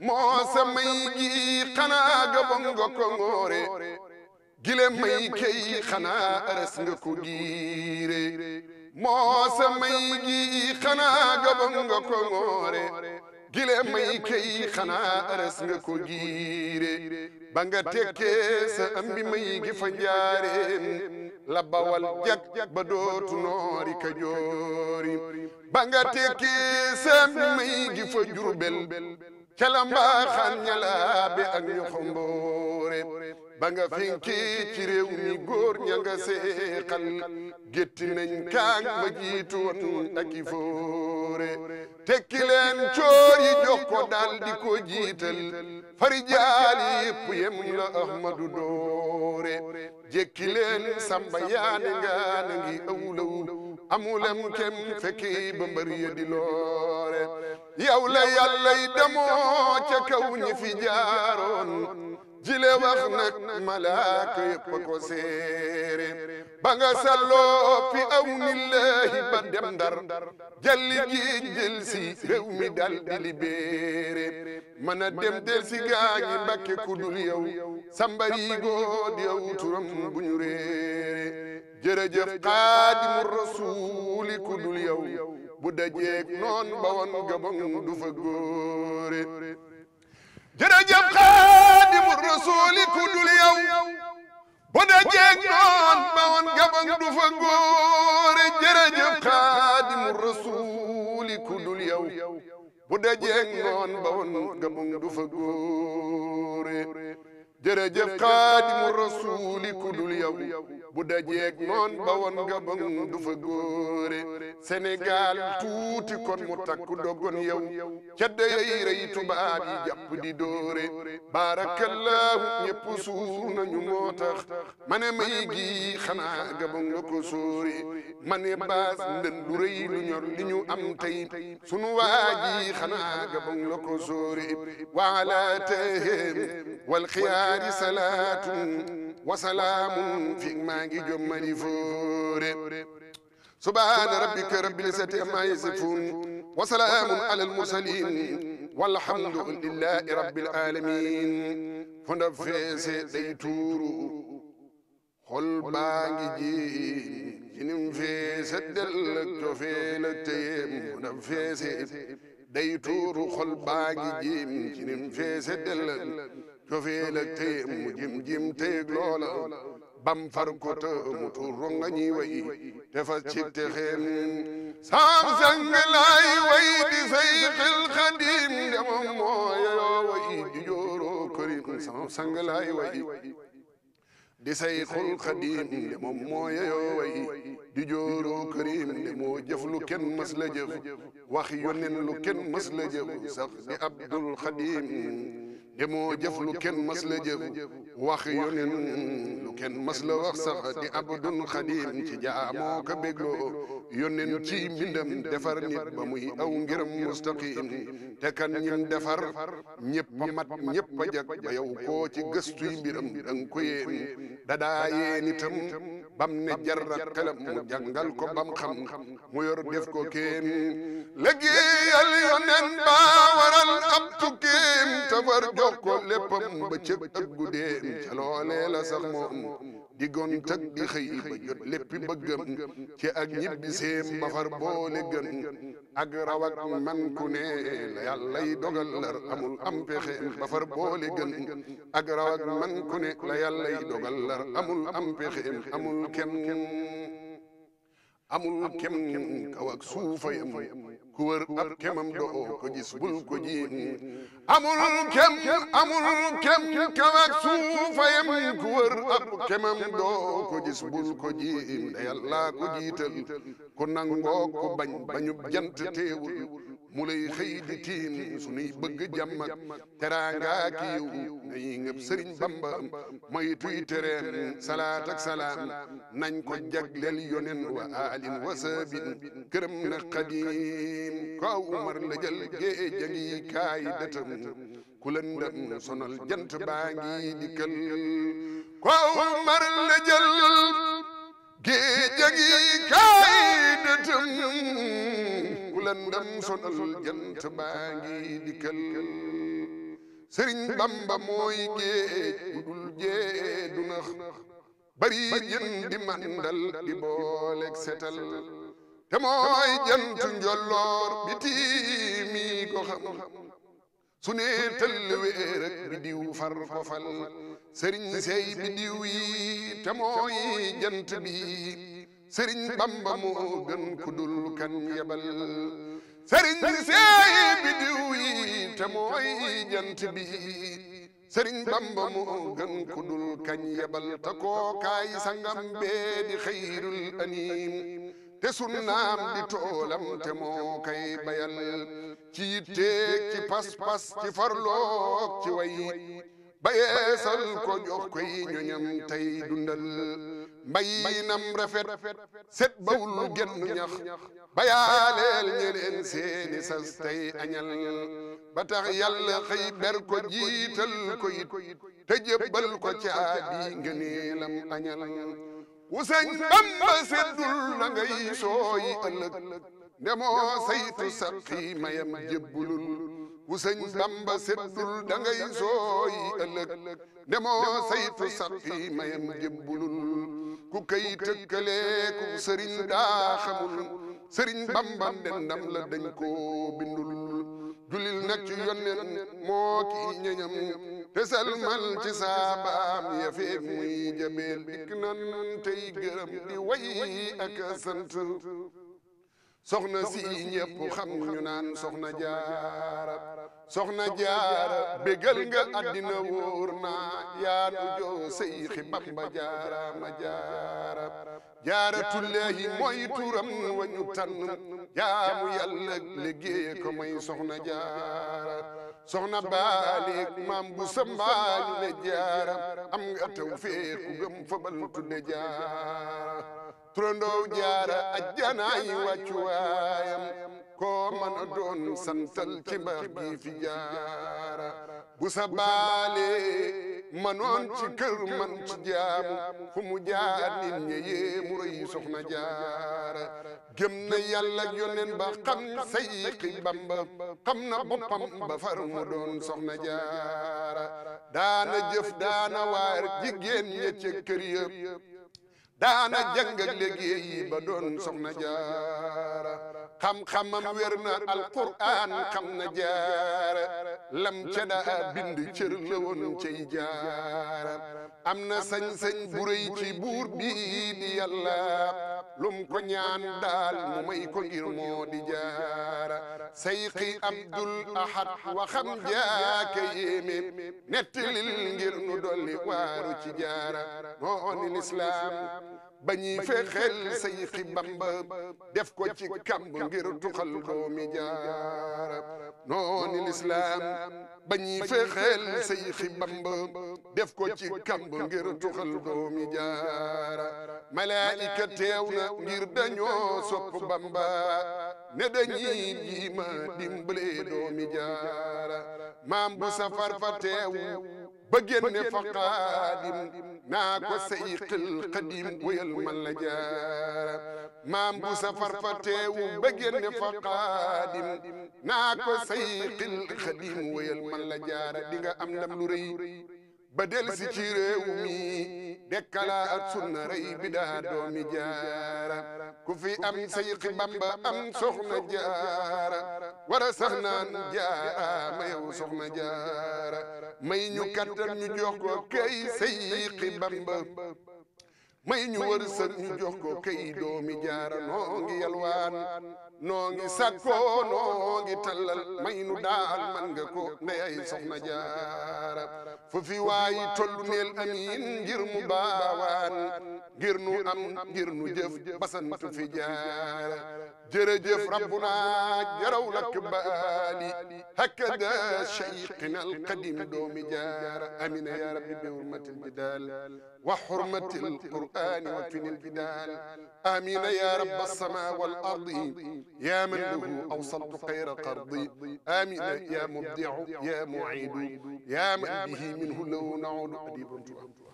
moosa may gi xanaa gabon nga ko ngoore gile may key xanaa aras nga ko giire moosa may gi xanaa gabon nga ko ngoore gile may key xanaa aras nga ko giire ba nga tekkee sa ambi may gi fa njaareem la bawal jag ba dootu noori ka joori ba nga tekkee sa ambi may gi fa jurbel calamba xan ñalaabe ak ñu ba nga fenki ci réew mi góor ña nga seexal gétti nañ kaang ma jiitu woon ak foore tekki leen coor jox ko daal ko jiital fari jaali yëpp la ahmadu doore jekki leen samba yaane ngaana ngi awlaw am amulem kem fekki ba mbër ya di loore yow la yàlla yi demoo ca kaw ñi fi jaaroon jile wax nag malaaka yëpp ko séere ba nga salloo fi awnillahi ba dem ndar jalli gi jël si mi dal di libéré a dem del si gaañi mbakke ku dul yow sambari turam bu ñu réere rasuuli ku dul bu dajeeg noon ba woon gabon du fa fa góore jërëjëf xaadimu rasuuli ku dul yow bu dajeeg noon ba woon nga mu du fa góore jërëjëf xaadimu rasuuli ku dul yow bu dajeeg noon ba woon nga bang du fa góore Sénégal tuuti kon mu takku dogon yow ca dayay rey tubaab yi jàpp di doore baarakallaahu ñëpp suur nañu moo tax ma ne may gi xanaa nga bang nga ko baas ndën du rëy lu ñor li ñu am tey sunu waa ji xanaa nga bang nga ko sóore wal xiyaam siyaari salaatu wasalaamun fi maa ngi jommali foore subhaana rabbika rabbil izzati ammaa yasifuun wa salaamun alal mursaliin walhamdu lillaahi rabbil aalamiin fu ndab feese day tuuru xol baa ngi ji jinim feese del ak cofeel ak teyem fu ndab feese day tuuru xol baa ngi jiim ci nim feese dell cofeel ak téyem mu jim jim téeg loola bam far ko të mu tuur ronga ñi way tefas ci texeem saam sang laay way di say xil xadim demam mooyoo way ju jooroo kërim saam sang laay way di sayxul xadiim de moom moo yeyoo way di jooroo kërim de moo jëf lu kenn mës la jëf wax yonen lu kenn mës la jëf sax di abdul xadiim demoo jëf lu kenn mas la jëf wax yonen lu kenn mas la wax sax di abdun xadim ci jaamoo ka bégloo yonen ci mbindam defar nit ba muy aw ngiram mustaqim te kan ñim defar ñëpp a mat ñëpp a jag ba yow koo ci gëstuy mbiram danga ko yéem dadaa yéen itam bam ne jarra xelam mu jàngal ko bam xam mu yor def ko kéem liggéeyal yonen ba waral ab tukkeem tafar jokkoo léppam ba cëg ak guddee ca loolee la sax moom di gont ak di xëy ba jot léppi ak ñibbiseem ba far boole gën ak raw ak man ku ne la yàlla yi dogal lar amul am pexeem ba far boole gën ak raw man ku ne la yàlla yi dogal lar amul am pexeem amul kenn amul kenn kaw ak suufayam ku wër ab kemam doo ko gis bul ko jiin amul kem amul kem kaw ak suufa yem ku wër ab kemam doo ko bul ko jiin da yàlla ko jiital ku nangoo ko bañ bañu jant teewul mu lay xëy di bëgg jàmm teraanga ki yiw nañuy bamba mooy tuy tereem salaat salaam nañ ko jagleel yonen wa aalin wa saabin këram na xadiim kaw umar la gee jangi kaay dëtam ku lëndëm jant baa ngi dikkal umar la gee jangi kaay lëndëm sonal jant baa ngi dikkal sëriñ bamba mooy géej bu dul jee du nax bari jën di mandal di booleeg setal te mooy jant njolloor bi ko xam su ne tëll weer far ko fal sëriñ sey bidiw yi te mooy jant bi sëriñ bamba moo gën ku dul kan yebal sëriñ seey bidiw yi te mooy jant bi sëriñ bamba moo gën ku kañ yebal te kookaay sangam bee di xayrul anim te sunnaam di toolam te moo kay bayal ci yitteeg ci pas-pas ci farloog ci ba yeesal ko jox ko yi ñu ñam tey dundal mbayinam rafet set bawul genn ñax ba yaaleel ñeleen seeni sas tey añal ba tax yàlla xëy ber ko jiital ko it te jébbal ko caabi ngëneelam añal ku sëñ Bamba seddul na ngay sooyi ëllëg ndemoo saytu saqi mayam jébbulul bu sëñ bamba seddul da ngay sooy ëllëg demoo saytu sappi mayam jébbulul ku kay tëkkalee ku sëriñ daa sëriñ bamba ndendam la dañ koo bindul julil nag ci yonneen moo ki ñeñam te salmal ci saabaam ya feeg muy jameel dikk nan tey gërëm di way ak sant soxna si ñëpp xam ñu naan soxna jaara soxna jaara bégal nga àddina wóor na yaatu joo seyxi bamba jaara ma jaara jaara tullaahi mooy turam wa ñu jaamu yàlla liggéeye ko mooy soxna jaara soxna baalik maam bu sambaañu ne jaara am nga taw feeku gëm fabal tudde jaara turandoo jaara ajjanaay wàccuwaayam koo mën a doon santal ci mbaax jaara bu sa baalee manoon ci kër man ci jaamu fu mu jaar nit ñi yéemu soxna jaara gëm na yàlla yoneen ba xam sayxi bamba xam na boppam ba far mu doon soxna jaara daana jëf daana waar jigéen ña ca kër yëpp daana jàng ak liggéey ba doon soxna jaara xam-xamam wér na alquran xam na jaara lam ca daa bind cër la woon cay jaara am na sañ-sañ bu rëy ci buur bi di lum ko ñaan daal mu may ko ngir di jaara sayqi abdul ahad waxam jaaka yéeme nettalil ngir nu dolli waaru ci jaara nooni lislaam ba ñuy fexeel Seyxi Bamba def ko ci kamb ngir tuxal doomi jaara nooni lislaam ba ñuy fexeel Seyxi Bamba def ko ci kamb ngir tuxal doomi jaara malaayika teew na ngir dañoo sopp Bamba ne dañuy jiima dimbale doomi jaara maam bu safar fa teew ba génne fa xaadim naa ko sayqil xadim wéyal man la jaara maam bu safar fa teewu ba génne fa xaadim naa ko sayqil xadim wéyal man la jaara di am ndam lu rëy ba delsi ci réew mi dekkala ak sunna rey bidaa doomi jaara ku fi am sayxi bamba am soxna jaara wara sax jaara ma yow soxna jaara may ñu kattan ñu jox ko kay sayxi bamba may ñu wër sër ñu jox ko kay doomi jaara noo yalwaan noo ngi sàkkoo noo may nu daal man nga ko ndeyay soxna jaara fu fi waayi tollu neel amiin ngir mu baawaan ngir nu am ngir nu jëf basantu fi jaara jërëjëf rabbuna jaraw lak baali hakada cheikhina alqadim doomi jaara amina ya rabbi bi hurmatil jidaal wa hurmatil القرآن وكن الجدال آمين يا رب السماء والأرض يا من له أوصلت خير قرضي آمين يا مبدع يا معيد يا من به منه لو نعود أديب